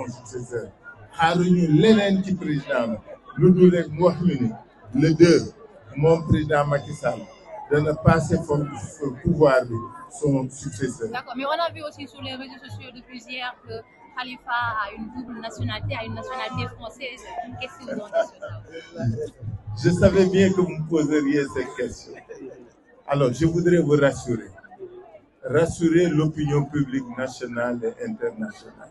son successeur xaaruñu leneen ci président la lu dul rek mu wax ñu ni le deux moom président Macky Sall dana passer foofu pouvoir bi son successeur. D'accord, mais on a vu aussi sur les réseaux sociaux depuis hier que Khalifa a une double nationalité, a une nationalité française. Qu'est-ce que vous en dites? Je savais bien que vous me poseriez cette question. Alors, je voudrais vous rassurer. Rassurer l'opinion publique nationale et internationale.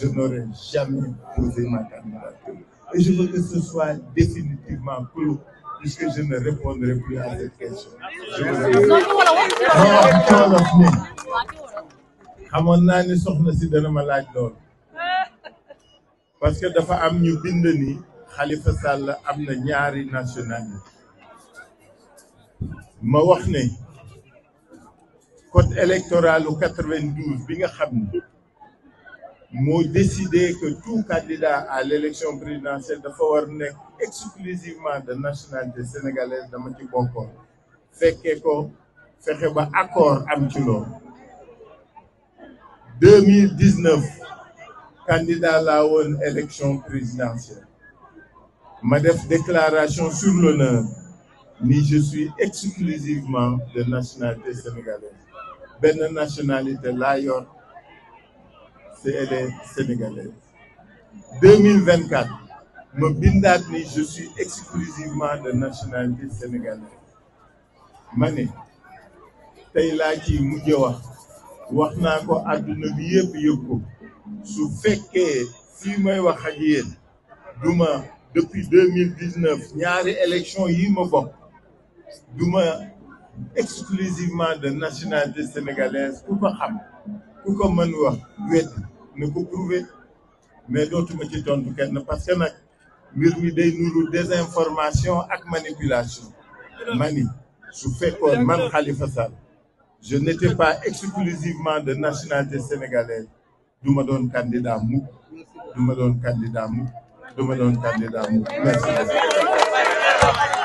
jamais posé ma candidature. Et je veux que ce xamoon naa ni soxna si dana ma laaj lool parce que dafa am ñu bind ni Khalifa sàll am na ñaari nationalité ma wax ne code électoral bi nga xam ni moo décidé que tout candidat à l'élection présidentielle dafa war nekk exclusivement de nationalité sénégalaise dama ci bokkoon fekkee ko fexe ba accord am ci loolu deux mille dix neuf candidat laa woon élection présidentielle ma déclaration sur l'honneur ni je suis exclusivement de nationalité sénégalaise benn nationalité laa et les Sénégalais 2024 ma bindaat ni je suis exclusivement de nationalité sénégalaise ma ne tey laa ci mujj wax wax naa ko àdduna bi yëpp yëg ko su fekkee fii may wax ak duma depuis deux ñaari élection yi ma bokk duma exclusivement de nationalité sénégalaise ku ko xam ku ko mën wax wet na ko prouver mais dootuma ci tontu kenn parce que nag mbir mi nu nuru désinformation ak manipulation mani su fekkoon man Khalifa Sall je n'étais pas exclusivement de nationalité sénégalaise du ma doon candidat mukk du ma doon candidat mukk merci